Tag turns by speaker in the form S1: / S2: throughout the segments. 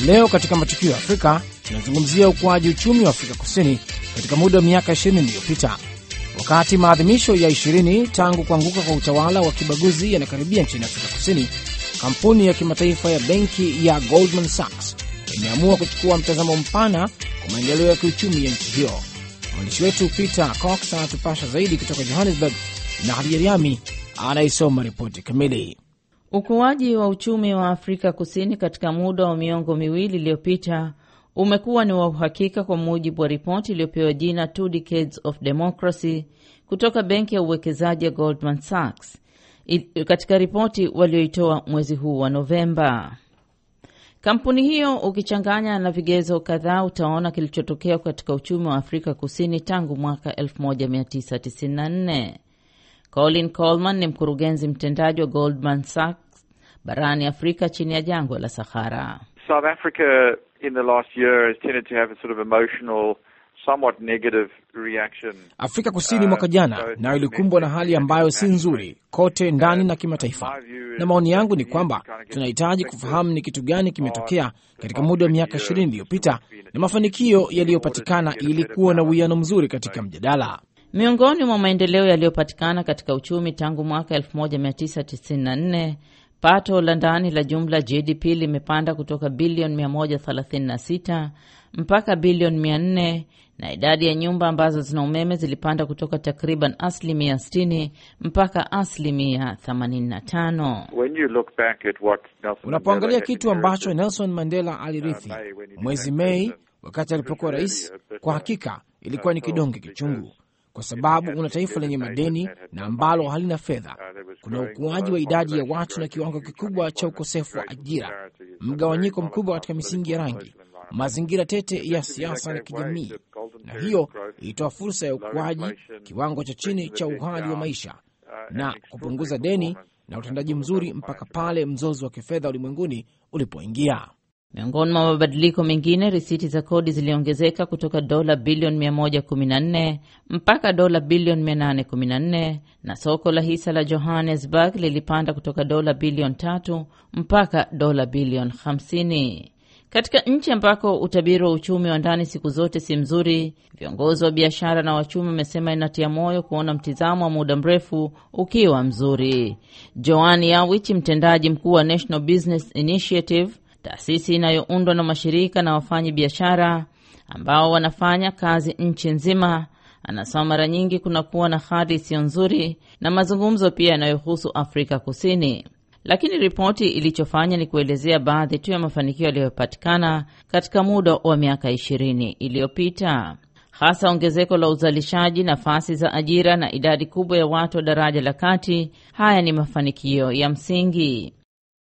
S1: Leo katika matukio ya Afrika tunazungumzia ukuaji uchumi wa Afrika Kusini katika muda wa miaka 20 iliyopita. Wakati maadhimisho ya 20 tangu kuanguka kwa utawala wa kibaguzi yanakaribia nchini Afrika Kusini, kampuni ya kimataifa ya benki ya Goldman Sachs imeamua kuchukua mtazamo mpana kwa maendeleo ya kiuchumi ya nchi hiyo. Mwandishi wetu Peter Cox anatupasha zaidi kutoka Johannesburg na Hadija Riami anaisoma ripoti kamili.
S2: Ukuaji wa uchumi wa Afrika Kusini katika muda wa miongo miwili iliyopita umekuwa ni wa uhakika kwa mujibu wa ripoti iliyopewa jina Two Decades of Democracy kutoka benki ya uwekezaji ya Goldman Sachs katika ripoti walioitoa mwezi huu wa Novemba. Kampuni hiyo ukichanganya na vigezo kadhaa utaona kilichotokea katika uchumi wa Afrika Kusini tangu mwaka 1994. Colin Coleman ni mkurugenzi mtendaji wa Goldman Sachs barani Afrika chini ya jangwa la Sahara. South Africa in the last year has tended to have a sort of emotional somewhat negative reaction.
S1: Afrika Kusini mwaka jana uh, nayo ilikumbwa na hali ambayo si nzuri kote ndani na uh, kimataifa, na maoni yangu ni kwamba tunahitaji kufahamu ni kitu gani kimetokea katika muda wa miaka ishirini iliyopita na mafanikio yaliyopatikana ili kuwa na uwiano mzuri katika mjadala.
S2: Miongoni mwa maendeleo yaliyopatikana katika uchumi tangu mwaka 1994 Pato la ndani la jumla GDP limepanda kutoka bilioni 136 mpaka bilioni 400 na idadi ya nyumba ambazo zina umeme zilipanda kutoka takriban asilimia 60 mpaka asilimia 85. Unapoangalia kitu
S1: ambacho Nelson Mandela uh, alirithi mwezi Mei wakati alipokuwa rais, kwa hakika ilikuwa ni kidonge kichungu kwa sababu una taifa lenye madeni na ambalo halina fedha. Kuna ukuaji wa idadi ya watu na kiwango kikubwa cha ukosefu wa ajira, mgawanyiko mkubwa katika misingi ya rangi, mazingira tete ya siasa na kijamii, na hiyo ilitoa fursa ya ukuaji, kiwango cha chini cha uhali wa maisha na kupunguza deni na utendaji mzuri mpaka pale mzozo wa kifedha ulimwenguni
S2: ulipoingia. Miongoni mwa mabadiliko mengine, risiti za kodi ziliongezeka kutoka dola bilioni 114 mpaka dola bilioni 814 na soko la hisa la Johannesburg lilipanda kutoka dola bilioni 3 mpaka dola bilioni 50. Katika nchi ambako utabiri wa uchumi wa ndani siku zote si mzuri, viongozi wa biashara na wachumi wamesema inatia moyo kuona mtizamo wa muda mrefu ukiwa mzuri. Joan Yawich, mtendaji mkuu wa National Business Initiative taasisi inayoundwa na mashirika na wafanyi biashara ambao wanafanya kazi nchi nzima. Anasema mara nyingi kunakuwa na hadi isiyo nzuri na mazungumzo pia yanayohusu Afrika Kusini, lakini ripoti ilichofanya ni kuelezea baadhi tu ya mafanikio yaliyopatikana katika muda wa miaka ishirini iliyopita, hasa ongezeko la uzalishaji, nafasi za ajira na idadi kubwa ya watu wa daraja la kati. Haya ni mafanikio ya msingi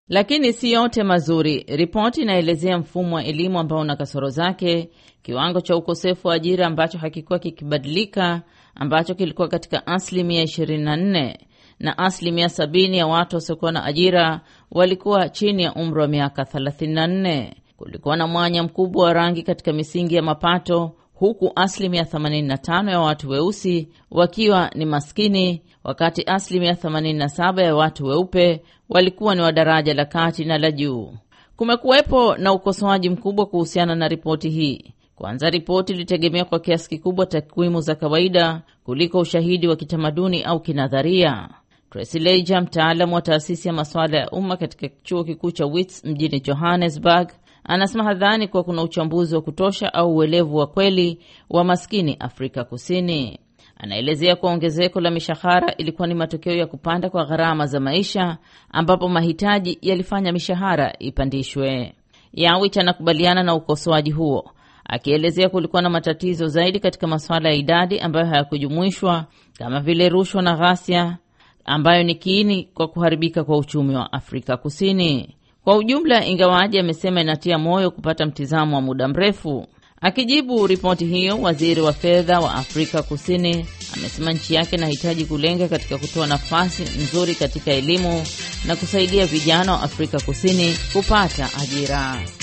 S2: lakini si yote mazuri. Ripoti inaelezea mfumo wa elimu ambao una kasoro zake, kiwango cha ukosefu wa ajira ambacho hakikuwa kikibadilika, ambacho kilikuwa katika asilimia 24 na asilimia 70 ya watu wasiokuwa na ajira walikuwa chini ya umri wa miaka 34. Kulikuwa na mwanya mkubwa wa rangi katika misingi ya mapato, huku asilimia 85 ya watu weusi wakiwa ni maskini, wakati asilimia 87 ya watu weupe walikuwa ni wa daraja la kati na la juu. Kumekuwepo na ukosoaji mkubwa kuhusiana na ripoti hii. Kwanza, ripoti ilitegemea kwa kiasi kikubwa takwimu za kawaida kuliko ushahidi wa kitamaduni au kinadharia. Tracy Leija, mtaalamu wa taasisi ya masuala ya umma katika chuo kikuu cha Wits mjini Johannesburg, Anasema hadhani kuwa kuna uchambuzi wa kutosha au uelevu wa kweli wa maskini Afrika Kusini. Anaelezea kuwa ongezeko la mishahara ilikuwa ni matokeo ya kupanda kwa gharama za maisha, ambapo mahitaji yalifanya mishahara ipandishwe. Yawich anakubaliana na ukosoaji huo, akielezea kulikuwa na matatizo zaidi katika masuala ya idadi ambayo hayakujumuishwa kama vile rushwa na ghasia, ambayo ni kiini kwa kuharibika kwa uchumi wa Afrika Kusini kwa ujumla, ingawaji amesema inatia moyo kupata mtizamo wa muda mrefu. Akijibu ripoti hiyo, waziri wa fedha wa Afrika Kusini amesema nchi yake inahitaji kulenga katika kutoa nafasi nzuri katika elimu na kusaidia vijana wa Afrika Kusini kupata ajira.